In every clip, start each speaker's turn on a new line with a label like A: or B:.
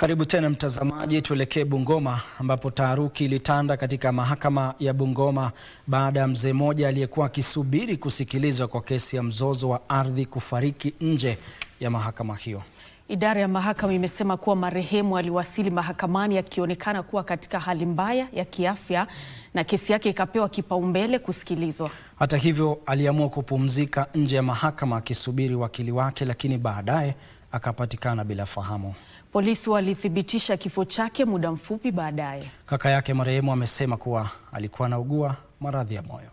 A: Karibu tena mtazamaji, tuelekee Bungoma ambapo taharuki ilitanda katika mahakama ya Bungoma baada ya mzee mmoja aliyekuwa akisubiri kusikilizwa kwa kesi ya mzozo wa ardhi kufariki nje ya mahakama hiyo.
B: Idara ya mahakama imesema kuwa marehemu aliwasili mahakamani akionekana kuwa katika hali mbaya ya kiafya na kesi yake ikapewa kipaumbele kusikilizwa.
A: Hata hivyo, aliamua kupumzika nje ya mahakama akisubiri wakili wake, lakini baadaye akapatikana bila fahamu.
B: Polisi walithibitisha kifo chake muda mfupi baadaye.
A: Kaka yake marehemu amesema kuwa alikuwa anaugua maradhi ya moyo.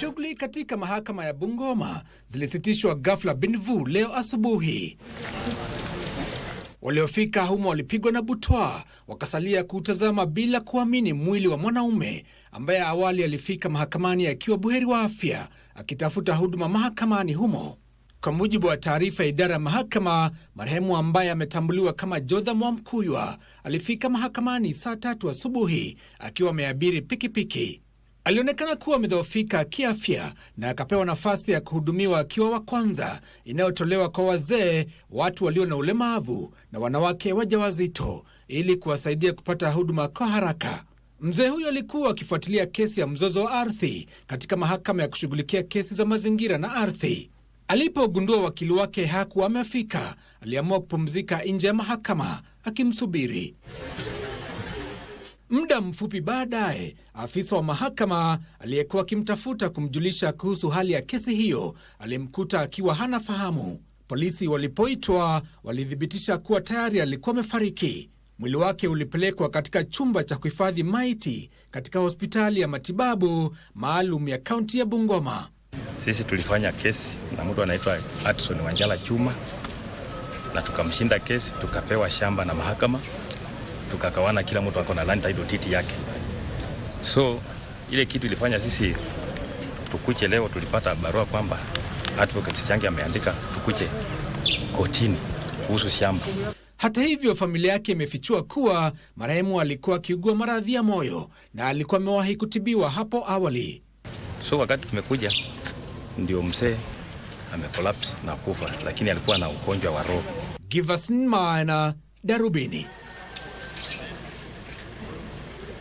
A: Shughuli katika mahakama ya Bungoma zilisitishwa ghafla binvu leo asubuhi. Waliofika humo walipigwa na butwa, wakasalia kuutazama bila kuamini mwili wa mwanaume ambaye awali alifika mahakamani akiwa buheri wa afya akitafuta huduma mahakamani humo. Kwa mujibu wa taarifa ya idara ya mahakama, marehemu ambaye ametambuliwa kama Jodha Mwamkuywa alifika mahakamani saa tatu asubuhi akiwa ameabiri pikipiki. Alionekana kuwa amedhoofika kiafya na akapewa nafasi ya kuhudumiwa akiwa wa kwanza inayotolewa kwa wazee, watu walio na ulemavu na wanawake wajawazito ili kuwasaidia kupata huduma kwa haraka. Mzee huyo alikuwa akifuatilia kesi ya mzozo wa ardhi katika mahakama ya kushughulikia kesi za mazingira na ardhi. Alipogundua wakili wake hakuwa amefika, aliamua kupumzika nje ya mahakama akimsubiri. Muda mfupi baadaye, afisa wa mahakama aliyekuwa akimtafuta kumjulisha kuhusu hali ya kesi hiyo alimkuta akiwa hana fahamu. Polisi walipoitwa walithibitisha kuwa tayari alikuwa amefariki. Mwili wake ulipelekwa katika chumba cha kuhifadhi maiti katika hospitali ya matibabu maalum ya kaunti ya Bungoma.
C: Sisi tulifanya kesi na mtu anaitwa Atson Wanjala Chuma na tukamshinda kesi, tukapewa shamba na mahakama tukakawana, kila mtu ako na land title titi yake. So ile kitu ilifanya sisi tukuche. Leo tulipata barua kwamba advocate Changi ameandika tukuche kotini kuhusu shamba.
A: Hata hivyo familia yake imefichua kuwa marehemu alikuwa akiugua maradhi ya moyo na alikuwa amewahi kutibiwa hapo awali.
C: So wakati tumekuja, ndio mzee amekolapsi na kufa, lakini alikuwa na ugonjwa wa roho.
A: Giverson Maina, Darubini.